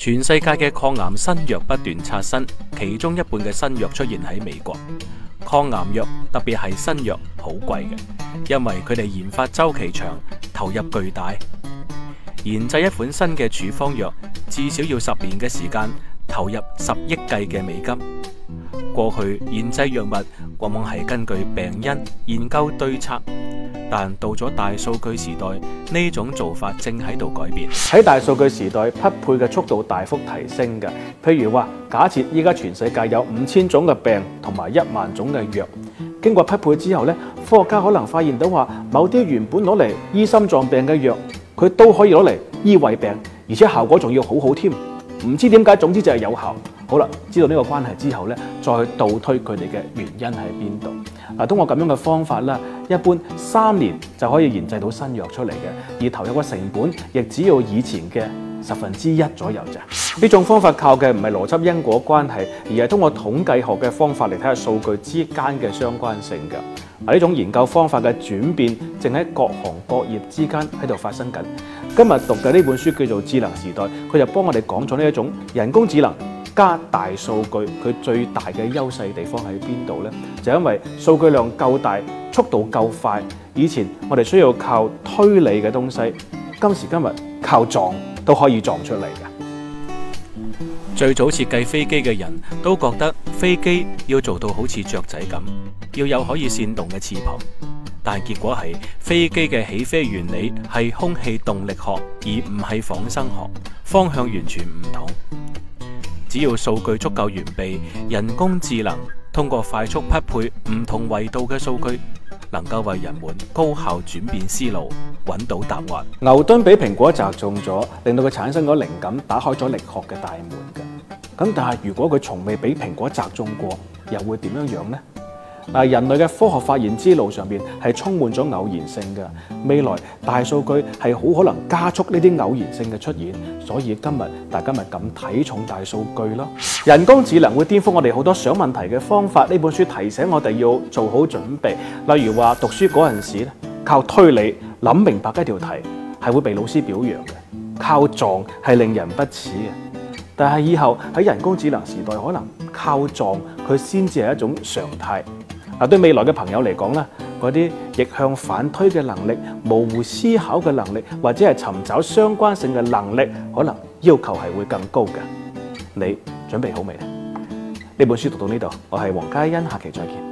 全世界嘅抗癌新藥不斷刷新，其中一半嘅新藥出現喺美國。抗癌藥，特別係新藥，好貴嘅，因為佢哋研發周期長，投入巨大。研製一款新嘅處方藥，至少要十年嘅時間，投入十億計嘅美金。過去研製藥物，往往係根據病因，研究對策。但到咗大數據時代，呢種做法正喺度改變。喺大數據時代，匹配嘅速度大幅提升嘅。譬如話，假設依家全世界有五千種嘅病同埋一萬種嘅藥，經過匹配之後咧，科學家可能發現到話，某啲原本攞嚟醫心臟病嘅藥，佢都可以攞嚟醫胃病，而且效果仲要好好添。唔知點解，總之就係有效。好啦，知道呢個關係之後咧，再去倒推佢哋嘅原因喺邊度。通過咁樣嘅方法啦，一般三年就可以研製到新藥出嚟嘅，而投入嘅成本亦只要以前嘅十分之一左右咋。呢種方法靠嘅唔係邏輯因果關係，而係通過統計學嘅方法嚟睇下數據之間嘅相關性嘅。啊，呢種研究方法嘅轉變正喺各行各業之間喺度發生緊。今日讀嘅呢本書叫做《智能時代》，佢就幫我哋講咗呢一種人工智能。加大數據，佢最大嘅優勢地方喺邊度呢？就因為數據量夠大，速度夠快。以前我哋需要靠推理嘅東西，今時今日靠撞都可以撞出嚟嘅。最早設計飛機嘅人都覺得飛機要做到好似雀仔咁，要有可以扇動嘅翅膀。但結果係飛機嘅起飛原理係空氣動力學，而唔係仿生學，方向完全唔同。只要數據足夠完備，人工智能通過快速匹配唔同維度嘅數據，能夠為人們高效轉變思路，揾到答案。牛頓俾蘋果砸中咗，令到佢產生咗靈感，打開咗力學嘅大門嘅。咁但係如果佢從未俾蘋果砸中過，又會點樣樣呢？嗱，人類嘅科學發現之路上面係充滿咗偶然性嘅，未來大數據係好可能加速呢啲偶然性嘅出現，所以今日大家咪咁睇重大數據咯。人工智能會顛覆我哋好多想問題嘅方法，呢本書提醒我哋要做好準備。例如話讀書嗰陣時咧，靠推理諗明白一條題係會被老師表揚嘅，靠撞係令人不齒嘅。但係以後喺人工智能時代，可能靠撞佢先至係一種常態。嗱，對未來嘅朋友嚟講咧，嗰啲逆向反推嘅能力、模糊思考嘅能力，或者係尋找相關性嘅能力，可能要求係會更高嘅。你準備好未咧？呢本書讀到呢度，我係黃嘉欣，下期再見。